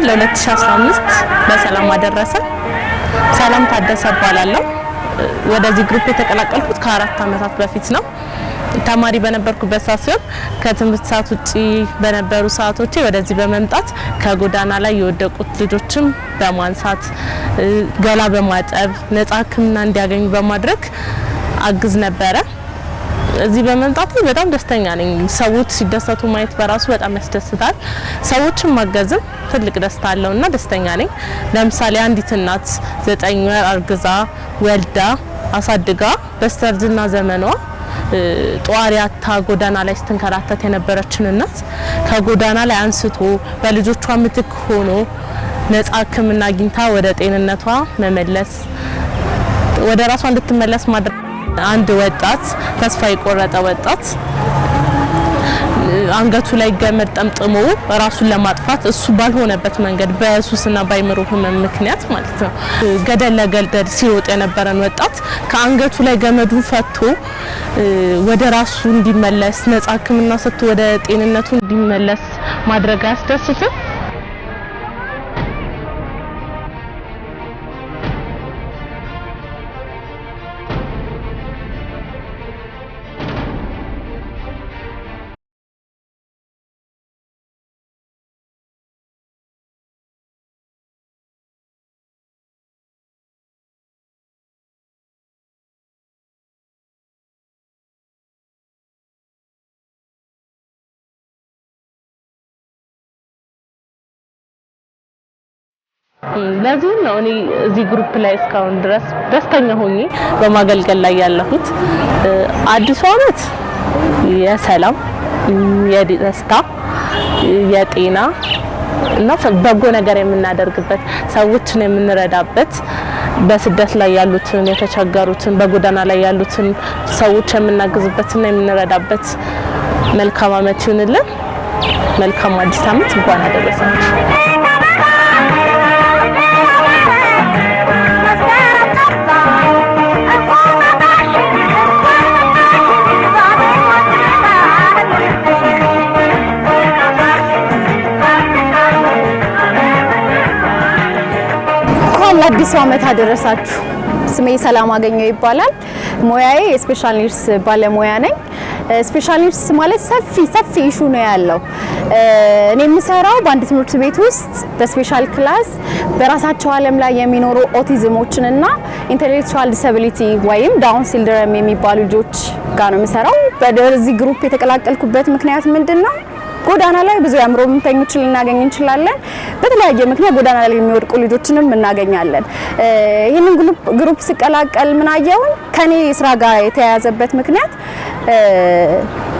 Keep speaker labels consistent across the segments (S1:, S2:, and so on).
S1: እንኳን ለ2015 በሰላም አደረሰ። ሰላም ታደሰ እባላለሁ። ወደዚህ ግሩፕ የተቀላቀልኩት ከአራት አመታት በፊት ነው። ተማሪ በነበርኩበት ሰዓት ሲሆን ከትምህርት ሰዓት ውጪ በነበሩ ሰዓቶቼ ወደዚህ በመምጣት ከጎዳና ላይ የወደቁት ልጆችም በማንሳት ገላ በማጠብ ነጻ ሕክምና እንዲያገኙ በማድረግ አግዝ ነበረ። እዚህ በመምጣት በጣም ደስተኛ ነኝ። ሰዎች ሲደሰቱ ማየት በራሱ በጣም ያስደስታል። ሰዎችን ማገዝም ትልቅ ደስታ አለው እና ደስተኛ ነኝ። ለምሳሌ አንዲት እናት ዘጠኝ ወር አርግዛ ወልዳ አሳድጋ በስተርጅና ዘመኗ ጧሪያታ ጎዳና ላይ ስትንከራተት የነበረችን እናት ከጎዳና ላይ አንስቶ በልጆቿ ምትክ ሆኖ ነጻ ሕክምና አግኝታ ወደ ጤንነቷ መመለስ ወደ ራሷ እንድትመለስ ማድረግ አንድ ወጣት ተስፋ የቆረጠ ወጣት አንገቱ ላይ ገመድ ጠምጥሞ ራሱን ለማጥፋት እሱ ባልሆነበት መንገድ በሱስና በአእምሮ ሕመም ምክንያት ማለት ነው ገደል ለገደል ሲሮጥ የነበረን ወጣት ከአንገቱ ላይ ገመዱ ፈቶ ወደ ራሱ እንዲመለስ ነጻ ሕክምና ሰጥቶ ወደ ጤንነቱ እንዲመለስ ማድረግ አያስደስትም?
S2: ለዚህም ነው እኔ እዚህ ግሩፕ ላይ እስካሁን ድረስ
S1: ደስተኛ ሆኜ በማገልገል ላይ ያለሁት። አዲሱ ዓመት የሰላም፣ የደስታ፣ የጤና እና በጎ ነገር የምናደርግበት ሰዎችን የምንረዳበት በስደት ላይ ያሉትን የተቸገሩትን በጎዳና ላይ ያሉትን ሰዎች የምናግዝበትና የምንረዳበት መልካም ዓመት ይሁንልን። መልካም አዲስ ዓመት እንኳን አደረሳችሁ።
S3: ለአዲሱ ዓመት አደረሳችሁ። ስሜ ሰላም አገኘው ይባላል። ሙያዬ የስፔሻል ኒድስ ባለሙያ ነኝ። ስፔሻል ኒድስ ማለት ሰፊ ሰፊ ኢሹ ነው ያለው። እኔ የምሰራው በአንድ ትምህርት ቤት ውስጥ በስፔሻል ክላስ በራሳቸው ዓለም ላይ የሚኖሩ ኦቲዝሞችንና እና ኢንተሌክቹዋል ዲሰቢሊቲ ወይም ዳውን ሲልድረም የሚባሉ ልጆች ጋር ነው የምሰራው። በደርዚ ግሩፕ የተቀላቀልኩበት ምክንያት ምንድን ነው? ጎዳና ላይ ብዙ የአእምሮ ህመምተኞችን ልናገኝ እንችላለን። በተለያየ ምክንያት ጎዳና ላይ የሚወድቁ ልጆችንም እናገኛለን። ይህንን ግሩፕ ሲቀላቀል ምናየውን ከኔ ስራ ጋር የተያያዘበት ምክንያት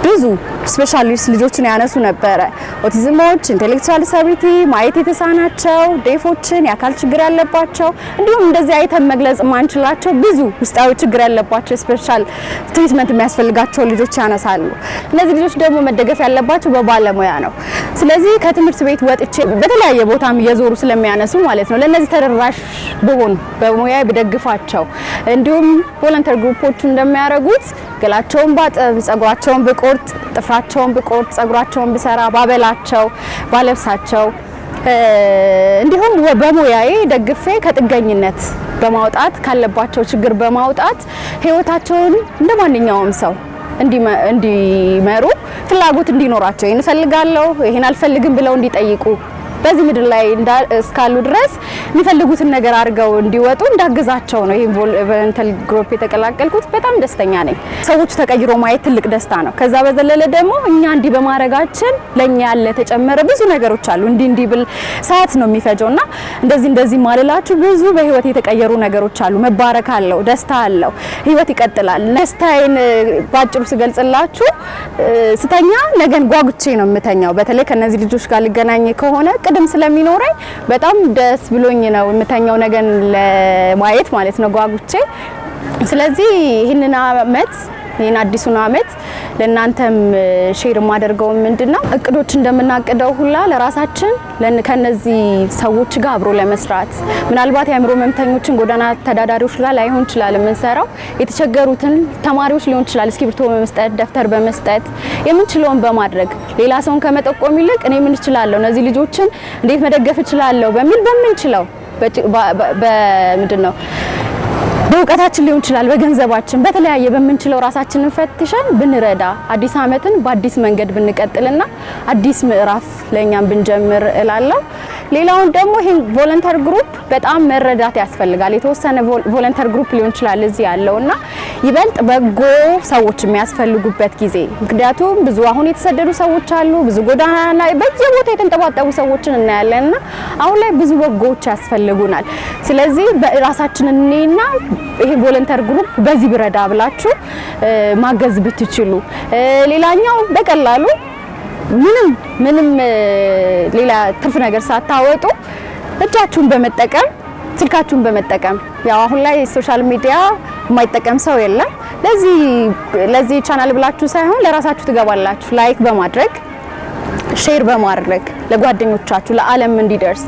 S3: ብዙ ስፔሻሊስት ልጆችን ያነሱ ነበረ። ኦቲዝሞች፣ ኢንቴሌክቹዋል ዲሳቢሊቲ፣ ማየት የተሳናቸው፣ ዴፎችን፣ የአካል ችግር ያለባቸው እንዲሁም እንደዚህ አይተን መግለጽ የማንችላቸው ብዙ ውስጣዊ ችግር ያለባቸው ስፔሻል ትሪትመንት የሚያስፈልጋቸው ልጆች ያነሳሉ። እነዚህ ልጆች ደግሞ መደገፍ ያለባቸው በባለሙያ ነው። ስለዚህ ከትምህርት ቤት ወጥቼ በተለያየ ቦታም እየዞሩ ስለሚያነሱ ማለት ነው ለእነዚህ ተደራሽ ብሆን በሙያ ብደግፋቸው እንዲሁም ቮለንተር ግሩፖቹ እንደሚያደርጉት ገላቸውን ባጠብ ጸጉራቸውን ብቆ ብቆርጥ፣ ጥፍራቸውን ብቆርጥ፣ ጸጉራቸውን ብሰራ፣ ባበላቸው፣ ባለብሳቸው እንዲሁም በሙያዬ ደግፌ ከጥገኝነት በማውጣት ካለባቸው ችግር በማውጣት ህይወታቸውን እንደ ማንኛውም ሰው እንዲመሩ ፍላጎት እንዲኖራቸው ይህን እፈልጋለሁ ይህን አልፈልግም ብለው እንዲጠይቁ በዚህ ምድር ላይ እስካሉ ድረስ የሚፈልጉትን ነገር አድርገው እንዲወጡ እንዳግዛቸው ነው ይሄን ቮለንተሪ ግሩፕ የተቀላቀልኩት። በጣም ደስተኛ ነኝ። ሰዎቹ ተቀይሮ ማየት ትልቅ ደስታ ነው። ከዛ በዘለለ ደግሞ እኛ እንዲህ በማድረጋችን ለኛ ያለ ተጨመረ ብዙ ነገሮች አሉ። እንዲህ እንዲህ ብል ሰዓት ነው የሚፈጀውና እንደዚህ እንደዚህ ማለላችሁ ብዙ በህይወት የተቀየሩ ነገሮች አሉ። መባረክ አለው፣ ደስታ አለው፣ ህይወት ይቀጥላል። ደስታዬን ባጭሩ ስገልጽላችሁ ስተኛ ነገን ጓጉቼ ነው የምተኛው። በተለይ ከነዚህ ልጆች ጋር ልገናኝ ከሆነ እቅድም ስለሚኖረኝ በጣም ደስ ብሎኝ ነው የምተኛው ነገን ለማየት ማለት ነው ጓጉቼ። ስለዚህ ይህንን አመት ይህን አዲሱን አመት ለእናንተም ሼር የማደርገው ምንድን ነው እቅዶች እንደምናቅደው ሁላ ለራሳችን ከነዚህ ሰዎች ጋር አብሮ ለመስራት ምናልባት የአእምሮ ህመምተኞችን ጎዳና ተዳዳሪዎች ላይ ላይሆን ይችላል የምንሰራው የተቸገሩትን ተማሪዎች ሊሆን ይችላል እስክሪብቶ በመስጠት ደብተር በመስጠት የምንችለውን በማድረግ ሌላ ሰውን ከመጠቆም ይልቅ እኔ ምን እችላለሁ እነዚህ ልጆችን እንዴት መደገፍ እችላለሁ በሚል በምንችለው ምንድን ነው በእውቀታችን ሊሆን ይችላል፣ በገንዘባችን፣ በተለያየ በምንችለው ራሳችንን ፈትሸን ብንረዳ አዲስ ዓመትን በአዲስ መንገድ ብንቀጥልና አዲስ ምዕራፍ ለእኛም ብንጀምር እላለሁ። ሌላውን ደግሞ ይህን ቮለንተር ግሩፕ በጣም መረዳት ያስፈልጋል። የተወሰነ ቮለንተር ግሩፕ ሊሆን ይችላል እዚህ ያለው እና ይበልጥ በጎ ሰዎች የሚያስፈልጉበት ጊዜ ምክንያቱም ብዙ አሁን የተሰደዱ ሰዎች አሉ። ብዙ ጎዳና ላይ በየቦታ የተንጠባጠቡ ሰዎችን እናያለን እና አሁን ላይ ብዙ በጎዎች ያስፈልጉናል። ስለዚህ በራሳችን እኔና ይሄ ቮለንተር ግሩፕ በዚህ ብረዳ ብላችሁ ማገዝ ብትችሉ፣ ሌላኛው በቀላሉ ምንም ምንም ሌላ ትርፍ ነገር ሳታወጡ እጃችሁን በመጠቀም ስልካችሁን በመጠቀም ያው አሁን ላይ ሶሻል ሚዲያ የማይጠቀም ሰው የለም። ለዚህ ለዚህ ቻናል ብላችሁ ሳይሆን ለራሳችሁ ትገባላችሁ ላይክ በማድረግ ሼር በማድረግ ለጓደኞቻችሁ ለዓለም እንዲደርስ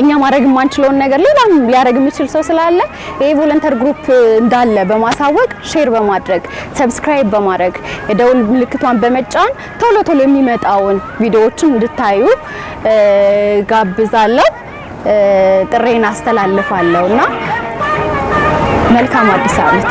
S3: እኛ ማድረግ የማንችለውን ነገር ሌላም ሊያደርግ የሚችል ሰው ስላለ ይሄ ቮለንተር ግሩፕ እንዳለ በማሳወቅ ሼር በማድረግ ሰብስክራይብ በማድረግ የደውል ምልክቷን በመጫን ቶሎ ቶሎ የሚመጣውን ቪዲዮዎችን እንድታዩ ጋብዛለሁ፣ ጥሬን አስተላልፋለሁ እና መልካም አዲስ ዓመት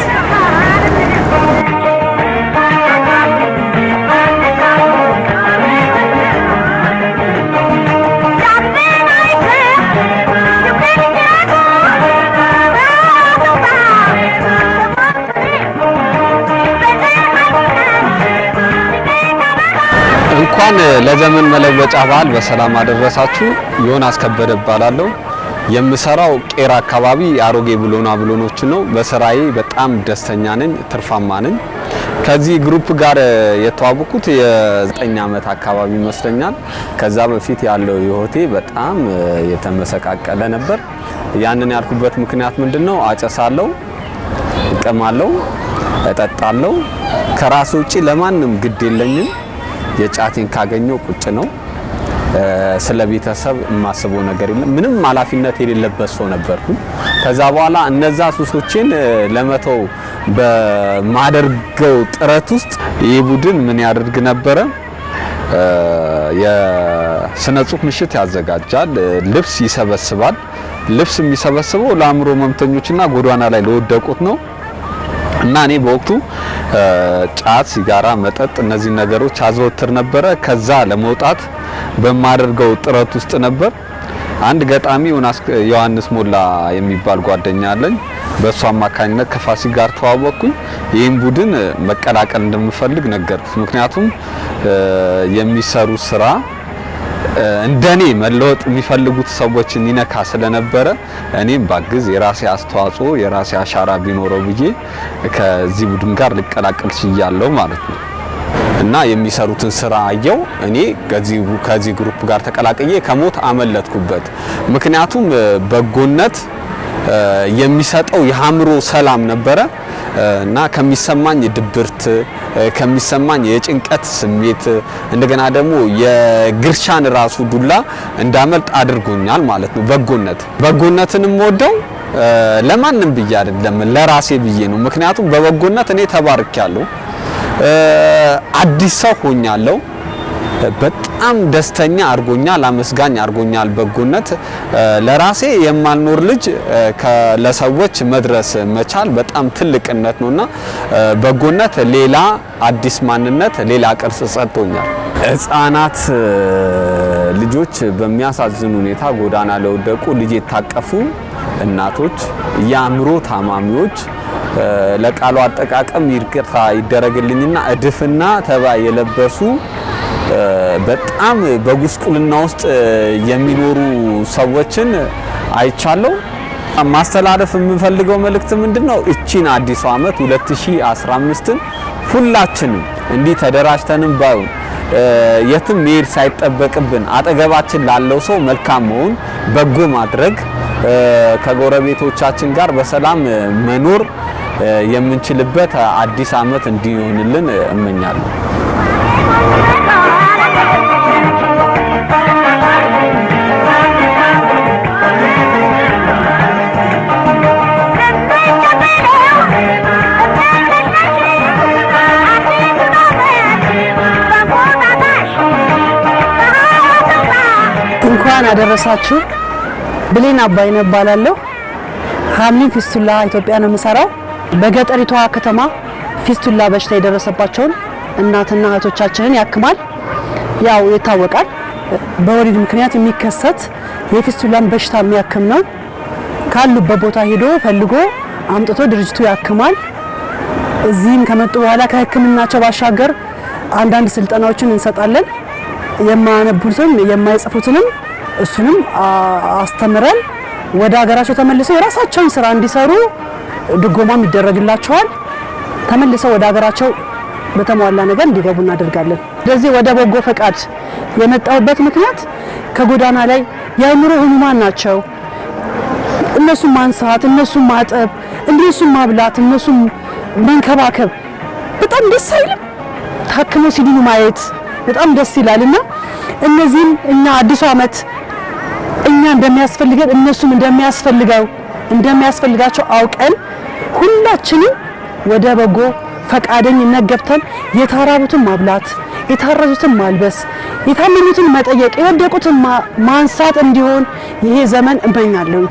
S4: እንኳን ለዘመን መለወጫ በዓል በሰላም አደረሳችሁ። ዮናስ ከበደ እባላለሁ። የምሰራው ቄራ አካባቢ አሮጌ ብሎና ብሎኖችን ነው። በስራዬ በጣም ደስተኛ ነኝ፣ ትርፋማ ነኝ። ከዚህ ግሩፕ ጋር የተዋወቁት የዘጠኝ ዓመት አካባቢ ይመስለኛል። ከዛ በፊት ያለው ህይወቴ በጣም የተመሰቃቀለ ነበር። ያንን ያልኩበት ምክንያት ምንድን ነው? አጨሳለሁ፣ እቅማለሁ፣ እጠጣለሁ። ከራስ ውጪ ለማንም ግድ የለኝም። የጫቴን ካገኘው ቁጭ ነው። ስለ ቤተሰብ የማስበው ነገር የለም። ምንም ኃላፊነት የሌለበት ሰው ነበርኩ። ከዛ በኋላ እነዛ ሱሶችን ለመተው በማደርገው ጥረት ውስጥ ይህ ቡድን ምን ያደርግ ነበረ? የስነ ጽሁፍ ምሽት ያዘጋጃል። ልብስ ይሰበስባል። ልብስ የሚሰበስበው ለአእምሮ ህመምተኞችና ጎዳና ላይ ለወደቁት ነው። እና እኔ በወቅቱ ጫት፣ ሲጋራ፣ መጠጥ እነዚህ ነገሮች አዘወትር ነበረ። ከዛ ለመውጣት በማደርገው ጥረት ውስጥ ነበር። አንድ ገጣሚ ዮሐንስ ሞላ የሚባል ጓደኛ አለኝ። በእሱ አማካኝነት ከፋሲ ጋር ተዋወቅኩኝ። ይህም ቡድን መቀላቀል እንደምፈልግ ነገርኩት። ምክንያቱም የሚሰሩ ስራ እንደኔ መለወጥ የሚፈልጉት ሰዎችን ይነካ ስለነበረ እኔም ባግዝ የራሴ አስተዋጽኦ የራሴ አሻራ ቢኖረው ብዬ ከዚህ ቡድን ጋር ልቀላቀል ችያለሁ ማለት ነው እና የሚሰሩትን ስራ አየው። እኔ ከዚህ ግሩፕ ጋር ተቀላቅዬ ከሞት አመለጥኩበት። ምክንያቱም በጎነት የሚሰጠው የአእምሮ ሰላም ነበረ። እና ከሚሰማኝ ድብርት ከሚሰማኝ የጭንቀት ስሜት እንደገና ደግሞ የግርሻን ራሱ ዱላ እንዳመልጥ አድርጎኛል ማለት ነው። በጎነት በጎነትንም ወደው ለማንም ብዬ አይደለም ለራሴ ብዬ ነው። ምክንያቱም በበጎነት እኔ ተባርኪያለሁ፣ አዲስ ሰው ሆኛለሁ። በጣም ደስተኛ አድርጎኛል፣ አመስጋኝ አድርጎኛል። በጎነት ለራሴ የማልኖር ልጅ ለሰዎች መድረስ መቻል በጣም ትልቅነት ነውና በጎነት ሌላ አዲስ ማንነት፣ ሌላ ቅርጽ ሰጥቶኛል። ህጻናት ልጆች በሚያሳዝን ሁኔታ ጎዳና ለወደቁ ልጅ የታቀፉ እናቶች፣ የአእምሮ ታማሚዎች ለቃሉ አጠቃቀም ይቅርታ ይደረግልኝና እድፍና ተባ የለበሱ በጣም በጉስቁልና ውስጥ የሚኖሩ ሰዎችን አይቻለሁ። ማስተላለፍ የምንፈልገው መልእክት ምንድን ነው? እቺን አዲሱ ዓመት 2015ን ሁላችንም እንዲህ ተደራጅተንም ባይሆን የትም መሄድ ሳይጠበቅብን አጠገባችን ላለው ሰው መልካም መሆን፣ በጎ ማድረግ፣ ከጎረቤቶቻችን ጋር በሰላም መኖር የምንችልበት አዲስ ዓመት እንዲሆንልን እመኛለሁ።
S2: እንኳን አደረሳችሁ። ብሌን አባይ እባላለሁ። ሀምሊን ፊስቱላ ኢትዮጵያ ነው የምሰራው። በገጠሪቷ ከተማ ፊስቱላ በሽታ የደረሰባቸውን እናትና እህቶቻችንን ያክማል። ያው ይታወቃል፣ በወሊድ ምክንያት የሚከሰት የፊስቱላን በሽታ የሚያክም ነው። ካሉበት ቦታ ሄዶ ፈልጎ አምጥቶ ድርጅቱ ያክማል። እዚህም ከመጡ በኋላ ከህክምናቸው ባሻገር አንዳንድ ስልጠናዎችን እንሰጣለን። የማያነቡትም የማይጽፉትንም እሱንም አስተምረን ወደ ሀገራቸው ተመልሰው የራሳቸውን ስራ እንዲሰሩ ድጎማም ይደረግላቸዋል። ተመልሰው ወደ ሀገራቸው በተሟላ ነገር እንዲገቡ እናደርጋለን። ስለዚህ ወደ በጎ ፈቃድ የመጣሁበት ምክንያት ከጎዳና ላይ የአእምሮ ህሙማን ናቸው። እነሱን ማንሳት፣ እነሱን ማጠብ፣ እነሱን ማብላት፣ እነሱን መንከባከብ በጣም ደስ አይልም? ታክሞ ሲድኑ ማየት በጣም ደስ ይላል እና እነዚህም እኛ አዲሱ ዓመት እኛ እንደሚያስፈልገን እነሱም እንደሚያስፈልገው እንደሚያስፈልጋቸው አውቀን ሁላችንም ወደ በጎ ፈቃደኝነት ገብተን የተራቡትን ማብላት፣ የታረዙትን ማልበስ፣ የታመሙትን መጠየቅ፣ የወደቁትን ማንሳት እንዲሆን ይሄ ዘመን እመኛለሁ።